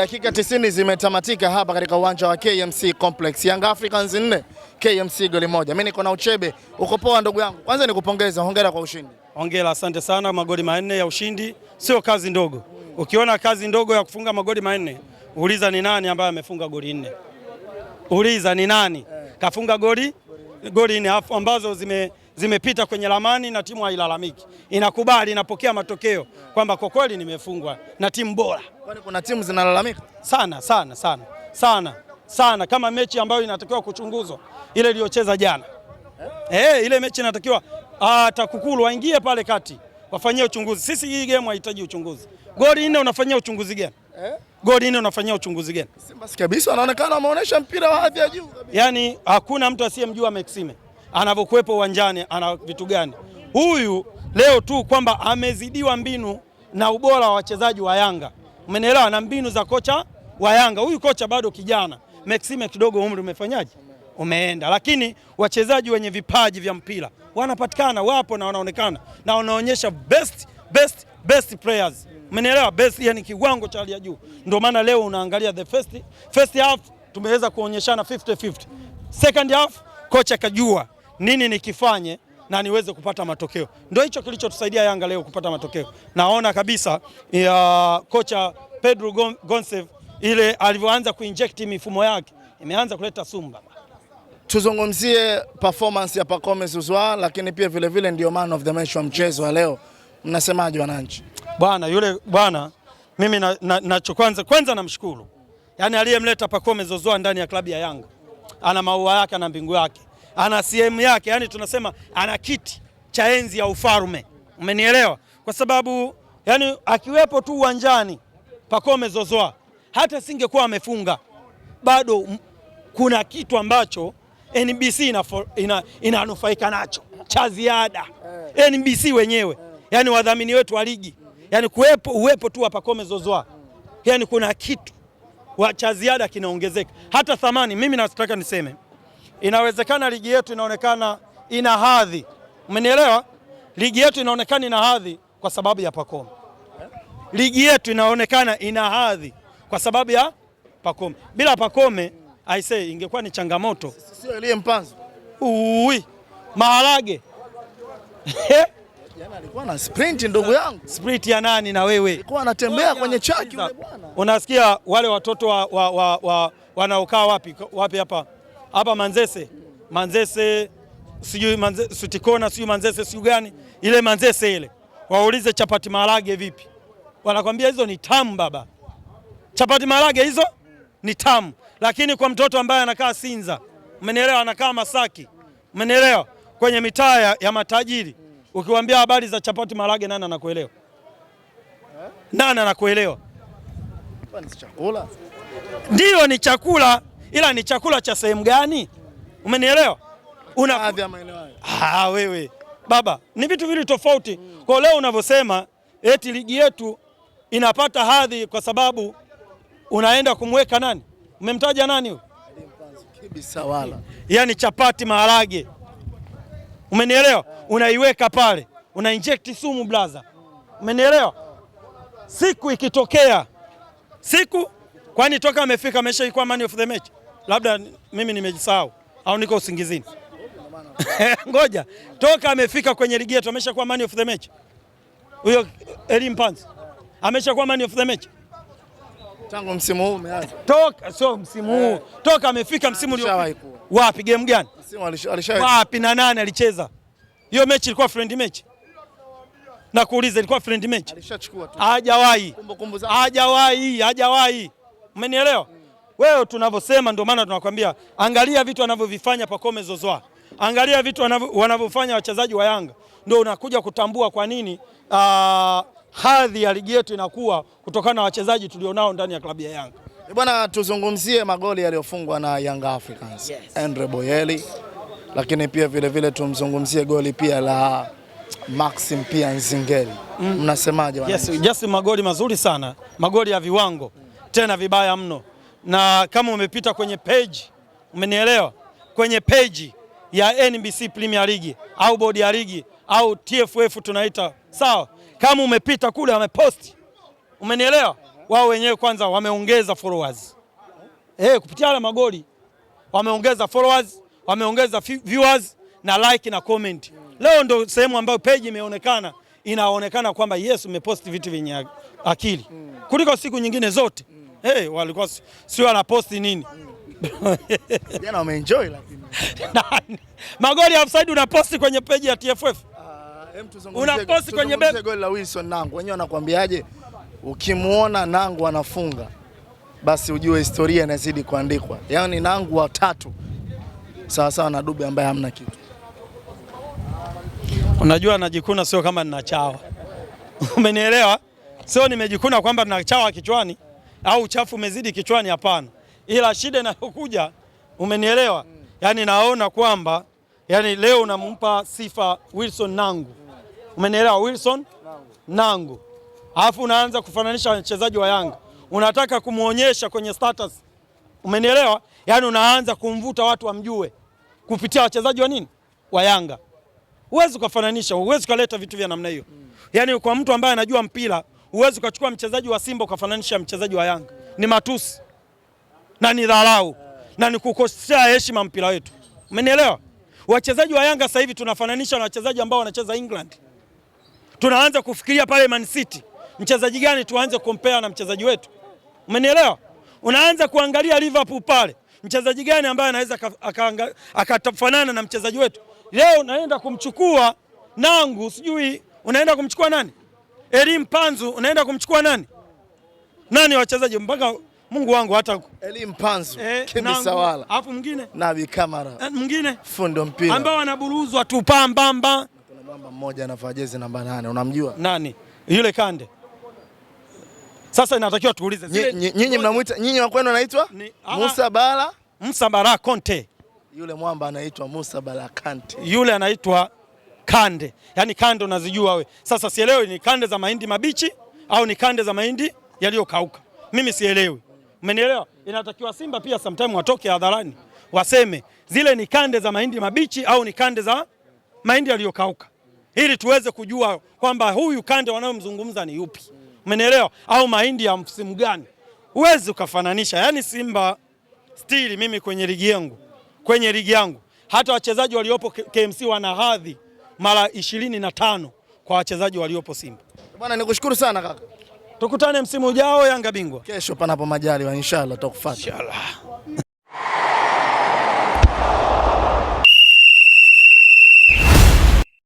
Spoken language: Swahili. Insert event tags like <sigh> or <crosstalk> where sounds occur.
Dakika 90 zimetamatika hapa katika uwanja wa KMC Complex. Young Africans 4, KMC goli moja. Mimi niko na Uchebe, uko poa ndugu yangu? Kwanza nikupongeza, hongera kwa ushindi. Hongera, asante sana. Magoli manne ya ushindi sio kazi ndogo. Ukiona kazi ndogo ya kufunga magoli manne, uliza ni nani ambaye amefunga goli nne. Uliza ni nani eh. kafunga goli goli nne ambazo zime zimepita kwenye lamani na timu hailalamiki, inakubali, inapokea matokeo kwamba kwa kweli nimefungwa na timu bora. Kwani kuna timu zinalalamika sana sana sana sana sana, kama mechi ambayo inatakiwa kuchunguzwa ile iliyocheza jana eh? Eh, ile mechi inatakiwa ah, TAKUKURU waingie pale kati wafanyie uchunguzi. Sisi hii game haihitaji uchunguzi. Goli nne unafanyia uchunguzi gani eh? Goli nne unafanyia uchunguzi gani? Simba kabisa anaonekana ameonyesha mpira wa hadhi ya juu kabisa. Yaani hakuna mtu asiyemjua Maxime anavyokuwepo uwanjani ana vitu gani. Huyu leo tu kwamba amezidiwa mbinu na ubora wa wachezaji wa Yanga, umenielewa, na mbinu za kocha wa Yanga. Huyu kocha bado kijana, Maxime kidogo umri umefanyaje, umeenda, lakini wachezaji wenye vipaji vya mpira wanapatikana, wapo na wanaonekana na wanaonyesha best, best, best players Umenielewa? Best yani kiwango cha hali ya juu. Ndio maana leo unaangalia the first, first half tumeweza kuonyeshana 50-50. Second half kocha kajua nini nikifanye na niweze kupata matokeo. Ndio hicho kilichotusaidia Yanga leo kupata matokeo. Naona kabisa ya kocha Pedro Gonsev ile alivyoanza kuinject mifumo yake imeanza kuleta sumba. Tuzungumzie performance ya Pacome Zouzoua, lakini pia vile vile ndio man of the match wa mchezo wa leo. Mnasemaje wananchi? Bwana yule bwana, mimi nacho kwanza kwanza namshukuru yaani aliyemleta Pacome Zouzoua ndani ya klabu ya Yanga ana maua yake na mbingu yake ana sehemu yake, yani tunasema ana kiti cha enzi ya ufalme, umenielewa? Kwa sababu yani akiwepo tu uwanjani Pacome Zozoa hata singekuwa amefunga bado, kuna kitu ambacho NBC inanufaika ina, ina nacho cha ziada NBC wenyewe, yani wadhamini wetu wa ligi, yani kuwepo uwepo tu wa Pacome Zozoa yani kuna kitu cha ziada kinaongezeka, hata thamani. Mimi nataka niseme inawezekana ligi yetu inaonekana ina hadhi, umenielewa? Ligi yetu inaonekana ina hadhi kwa sababu ya pakome Ligi yetu inaonekana ina hadhi kwa sababu ya pakome Bila pakome aise, ingekuwa ni changamoto, sio Elie Mpanzu Ui, maharage Yana alikuwa na sprint ndugu yangu. Sprint ya nani na wewe? Alikuwa anatembea kwenye chaki yule bwana. Unasikia wale watoto wa, wa, wa, wa, wanaokaa wapi wapi hapa hapa Manzese, Manzese sijui Manzese, Sutikona sijui Manzese sijui gani ile Manzese ile, waulize chapati maharage vipi, wanakwambia hizo ni tamu baba. Chapati maharage hizo ni tamu, lakini kwa mtoto ambaye anakaa Sinza, umenielewa, anakaa Masaki, umenielewa, kwenye mitaa ya, ya matajiri, ukiwaambia habari za chapati maharage, nani anakuelewa? Nani anakuelewa? Ndio, ni chakula ila ni chakula cha sehemu gani? Umenielewa? Una ah, wewe baba, ni vitu vili tofauti mm. Kwa leo unavyosema eti ligi yetu inapata hadhi kwa sababu unaenda kumweka nani, umemtaja nani huyo? yani chapati maharage, umenielewa? Unaiweka pale, una inject sumu blaza, umenielewa? Siku ikitokea siku, kwani toka amefika ameshaikuwa man of the match labda mimi nimejisahau au niko usingizini. <laughs> Ngoja toka amefika kwenye ligi yetu amesha kuwa man of the match huyo Elim amesha kuwa man of the match tangu msimu huu umeanza. Toka sio msimu huu eh, toka amefika msimu uliopita. Wapi game gani? Msimu alishawahi. Wapi na nani alicheza? Hiyo mechi ilikuwa friend match. Na kuuliza ilikuwa friend match. Alishachukua tu. Hajawahi. Hajawahi, hajawahi. Umenielewa? wewe tunavyosema, ndio maana tunakwambia angalia vitu anavyovifanya Pacome Zozoa, angalia vitu wanavyofanya wachezaji wa Yanga, ndio unakuja kutambua kwa nini uh, hadhi ya ligi yetu inakuwa kutokana na wachezaji tulionao ndani ya klabu ya Yanga. Eh, bwana, tuzungumzie magoli yaliyofungwa na Young Africans. Yes. Andre Boyeli, lakini pia vile vile tumzungumzie goli pia la Maxim pia Nzingeli. Mm. Mnasemaje? Mm. Yes, just magoli mazuri sana, magoli ya viwango tena vibaya mno na kama umepita kwenye page, umenielewa, kwenye page ya NBC Premier League au bodi ya ligi au TFF tunaita sawa, kama umepita kule wameposti, umenielewa, wao wenyewe kwanza wameongeza followers eh, kupitia wale magoli wameongeza followers, wameongeza viewers na like na comment. Leo ndo sehemu ambayo page imeonekana inaonekana kwamba yes, umeposti vitu vyenye akili kuliko siku nyingine zote hey, walikuwa sio anaposti nini <laughs> jana wameenjoy lakini <laughs> magoli ya offside unaposti kwenye peji ya TFF ah, unaposti kwenye goli la Wilson Nangu, wenyewe wanakuambiaje? Ukimwona Nangu anafunga basi ujue historia inazidi kuandikwa. Yaani Nangu watatu sawasawa na Dube ambaye hamna kitu. Unajua najikuna sio kama ninachawa, <laughs> umenielewa? Sio nimejikuna kwamba ninachawa kichwani au uchafu umezidi kichwani, hapana, ila shida inayokuja, umenielewa? Yani naona kwamba yani leo namumpa sifa Wilson Nangu, umenielewa? Wilson Nangu, alafu unaanza kufananisha wachezaji wa Yanga, unataka kumwonyesha kwenye status, umenielewa? Yani unaanza kumvuta watu wamjue kupitia wachezaji wa nini wa Yanga. Huwezi ukafananisha, huwezi ukaleta vitu vya namna hiyo. Yani kwa mtu ambaye anajua mpira Huwezi ukachukua mchezaji wa Simba ukafananisha mchezaji wa Yanga, ni matusi na ni dharau na ni kukosea heshima mpira wetu, umenielewa? Wachezaji wa Yanga sasa hivi tunafananisha na wachezaji ambao wanacheza England. Tunaanza kufikiria pale Man City, mchezaji gani tuanze kumpea na mchezaji wetu, umenielewa? Unaanza kuangalia Liverpool pale, mchezaji gani ambaye anaweza akafanana na mchezaji wetu. Leo unaenda kumchukua Nangu, sijui unaenda kumchukua nani Eli Mpanzu unaenda kumchukua nani? Nani wachezaji mpaka Mungu wangu hata Eli Mpanzu, e, eh, Kimi Sawala. Alafu mwingine? Nabi Kamara. Eh, mwingine? Fundo mpira. Ambao wanaburuzwa tu pamba mbamba. Kuna mwamba mmoja anavaa jezi namba nane, unamjua? Nani? Yule Kande. Sasa inatakiwa tuulize. Nyinyi mnamuita nyinyi wa kwenu anaitwa Musa Bala? Musa Bala Conte. Yule mwamba anaitwa Musa Bala Kante. Yule anaitwa kande, yaani kande unazijua we. Sasa sielewi ni kande za mahindi mabichi au ni kande za mahindi yaliyokauka, mimi sielewi. Umenielewa? Inatakiwa Simba pia sometime watoke hadharani waseme zile ni kande za mahindi mabichi au ni kande za mahindi yaliyokauka, ili tuweze kujua kwamba huyu kande wanayomzungumza ni yupi. Umenielewa? Au mahindi ya msimu gani? Huwezi ukafananisha. Yaani Simba stili, mimi kwenye ligi yangu, kwenye ligi yangu hata wachezaji waliopo KMC wana hadhi mara ishirini na tano kwa wachezaji waliopo Simba. Bwana nikushukuru sana kaka. Tukutane msimu ujao Yanga bingwa. Kesho panapo majaliwa inshallah tutakufuata. Inshallah.